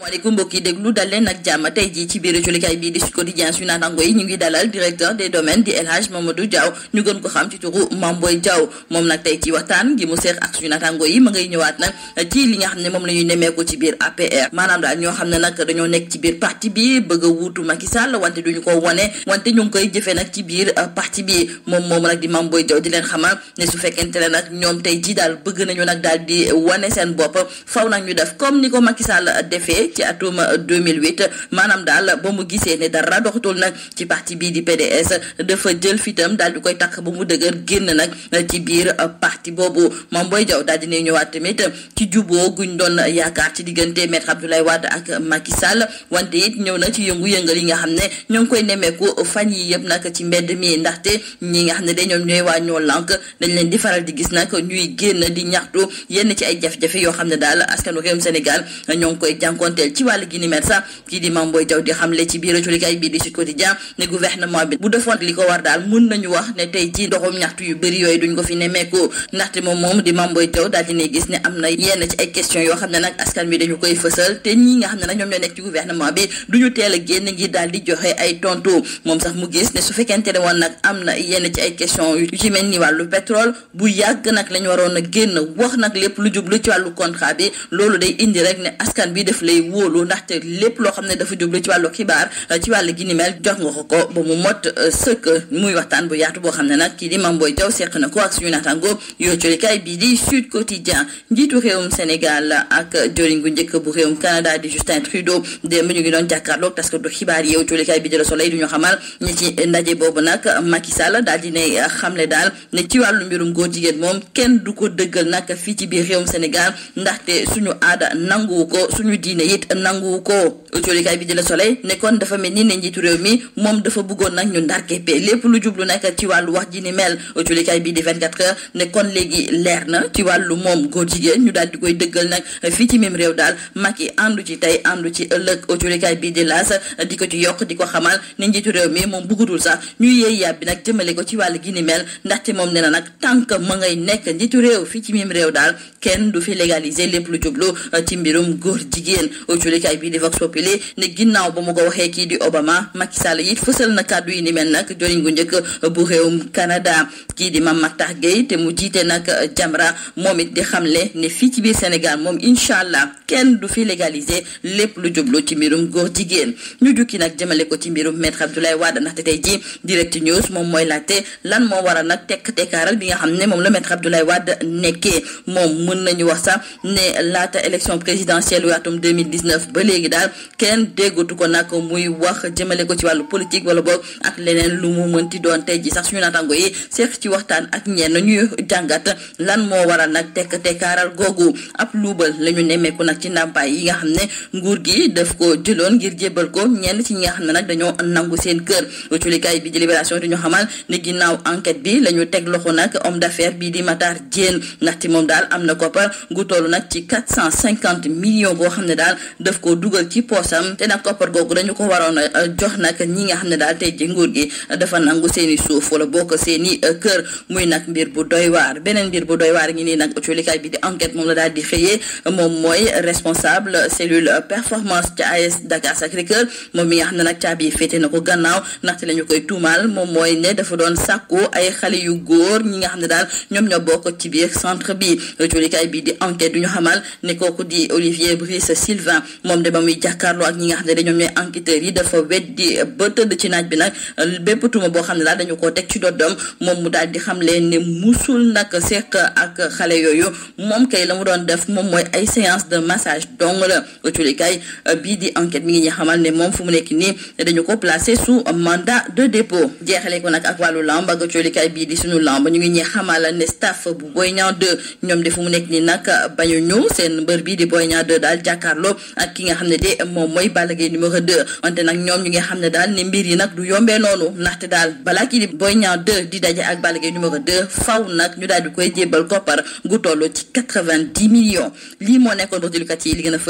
maaleykum mbokk yi déglu dal leen ak jàmm tey jii ci biir julikaay bii di Sud Quotidien suñu naataango yi ñu ngi dalal directeur des domaines di moom Hadj Mamadou Diaw ñu gën ko xam ci turu Mame Boye Diaw moom nag tey ci waxtaan gi mu seex ak suñu naataango yi ma ngay ñëwaat nag ci li nga xam ne moom la ñuy nemmeeku ci biir APR maanaam daal ñoo xam ne nag dañoo nekk ci biir parti bi bëgg a wuutu Macky Sall wante duñu ko wane wante ñu ngi koy jëfee nag ci biir euh, parti bi moom moom nag di Mame Boye Diaw di leen xamal ne su fekkente ne nag ñoom tey jii daal bëgg nañu nag daal di wane seen bopp faw nag ñu def comme ni ko Macky Sall defee ci atum 2008 euh, maanaam daal ba mu gisee ne dara doxatul nag ci parti bii di PDS dafa jël fitam daal di koy takk ba mu dëgër génn nag ci biir euh, parti boobu Mame Boye Diao daal ne ñëwaat tamit ci juboo guñ doon yaakaar ci diggante maître lay waat ak Macky Sall wante it ñëw na ci yëngu-yëngal yi nga xam ne ñoo ngi koy nemmeeku fan yi yëpp nag ci mbedd mi ndaxte ñi nga xam ne de ñoom ñooy waa ñoo lànk dañ leen di faral di gis nag ñuy génn di ñaxtu yenn ci ay jafe yoo xam ne daal askanu réewum Sénégal jël ci wàll gi ni mel sax kii di Mame Boye Diaw di xamle ci biir acolikaay bii di Sud Quotidien ne gouvernement bi bu defoon li ko war daal mun nañu wax ne tey ji doxum ñaxtu yu bëri yooyu duñ ko fi nemmeeku ndaxte moom moom di Mame Boye Diaw daal dina gis ne am na yenn ci ay question yoo xam ne nag askan bi dañu koy fësal te ñi nga xam ne nag ñoom ñoo nekk ci gouvernement bi duñu génn ngir daal di joxe ay tontu moom sax mu gis ne su fekkente ne woon nag am na yenn ci ay question yu ci mel ni wàllu pétrole bu yàgg nag lañu waroon a génn wax nag lépp lu jublu ci wàllu contrat bi loolu day indi rek ne askan bi def lay wóolu ndaxte lépp loo xam ne dafa jublu ci wàllu xibaar euh, ci wàllu gi ni mel jox nga ko ko ba mu mot euh, sëkk muy waxtaan bu yaatu boo xam ne nag kii di Mame Boye Diaw seq na ko ak suñu naataango yoo colikaay bii di Sud Quotidien njiitu réewum Sénégal ak joriñ gu njëkk bu réewum Canada di Justin Trudeau démb ñu ngi doon jàkkaarloog parce que du xibaar yow colikaay bi di Le Soleil du ñu xamal ni ci ndaje boobu nag Macky Sall daal di ne euh, xam xamle daal ne ci wàllu mbirum góor jigéen moom kenn du ko dëggal nag fii ci biir réewum Sénégal ndaxte suñu aada nanguwu ko suñu diine it nanguwu ko coolikaay bi di la soleil ne kon dafa mel ni ne njiitu réew mi moom dafa buggoon nag ñu ndar képpe lépp lu jublu nag ci wàllu wax ji ni mel coolikaay bi di 24 heures ne kon léegi leer na ci wàllu moom góor jigéen ñu daal di koy dëggal nag fii ci même réew daal Macky àndu ci tey àndu ci ëllëg coolikaay bi di laas di ko ci yokk di ko xamal ne njiitu réew mi moom bëggutul sax ñu yeey yàbbi nag jëmale ko ci wàllu gi ni mel ndaxte moom nee na nag tànk ma ngay nekk njiitu réew fii ci même réew daal kenn du fi légaliser lépp lu jublu ci mbirum góor jigéen cuulikaay bii di Vox Populi ne ginnaaw ba mu ko waxee kii di Obama Macky Sall it fësal na kàddu yi ni mel nag joriñ gu njëkk bu réewum kanada kii di Mame Mactar Guèye te mu jiite nag Jamra moom it di xamle ne fii ci biir Sénégal moom incha allah kenn du fi légaliser lépp lu jublu ci mbirum góor jigéen ñu jukki nag jëmale ko ci mbirum maître Abdoulaye ndax te tey ji direct news moom mooy laajte lan moo waral nag tekk tekkaaral bi nga xam ne moom la maître Abdoulaye Wade nekkee moom mën nañu wax sax ne laata élection présidentielle waatum 2000 2019 ba léegi daal kenn déggatu ko nag muy wax jëmale ko ci wàllu politique wala boog ak leneen lu mu mënti doon tey ji sax suñu naataango yi seex ci waxtaan ak ñenn ñuy jàngat lan moo waral nag tekk tekkaaral googu ab luubal la ñu nemmeeku nag ci ndàmpaay yi nga xam ne nguur gi daf ko jëloon ngir jébbal ko ñenn ci ñi nga xam ne nag dañoo nangu seen kër culikaay bi di libération di ñu xamal ne ginnaaw enquête bi la ñu teg loxo nag homme d'affaires bii di Matar Diène ndaxte moom daal am na koppar gu toll nag ci quatre cent cinquante millions boo xam daf ko dugal ci poosam te nag koppar googu dañu ko waroon a jox nag ñi nga xam ne daal tey ji nguur gi dafa nangu seeni suuf wala bokk seeni euh, kër muy nag mbir bu doy waar beneen mbir bu doy waar ngi nii nag autolikaay bi di enquête moom la daal di xëyee moom mooy responsable cellule performance ca AS Dakar Sacré-Cœur moom mi nga xam ne nag caabi féete na ko gannaaw ndaxte la koy tuumaal moom mooy dafa doon sàkku ay xale yu góor ñi nga xam ne daal ñoom ñoo bokk ci biir centre bi autolikaay bi di enquête du ñu xamal ne kooku di Olivier Brice Sylvain 2020 moom de ba muy jàkkaarloo ak ñi nga xam ne dañoom ñooy enquêteurs yi dafa weddi ba tëdd ci naaj bi nag bépp tuuma boo xam ne la mu doon def moom mooy ay séance de massage dong la autolikay bii di mi ngi ñu xamal ne moom fu mu nekk nii dañu ko placé sous mandat de dépôt jeexale ko nag ak wàllu lamb ak autolikay bii di suñu lamb ñu ngi ñuy xamal staff bu Boy Niang ñoom de fu mu nekk nii nag bañu ñu seen mbër bii di Boy Niang daal jàkkaarloo ak ki nga xam ne de moom mooy Balla Gaye numéro 2 wante nag ñoom ñu nga xam ne daal ne mbir yi nag du yombee noonu ndaxte daal balaa kii di Boy Niang di daje ak Balla Gaye numéro 2 faw nag ñu daal di koy jébbal koppar gu toll ci quatre-vingt-dix millions lii moo nekkoon dox di lukat yi li gën a fës